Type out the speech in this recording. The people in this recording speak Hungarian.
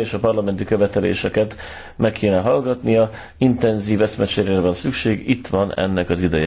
és a parlamenti követeléseket meg kéne hallgatnia. Intenzív eszmecserére van szükség, itt van ennek az ideje.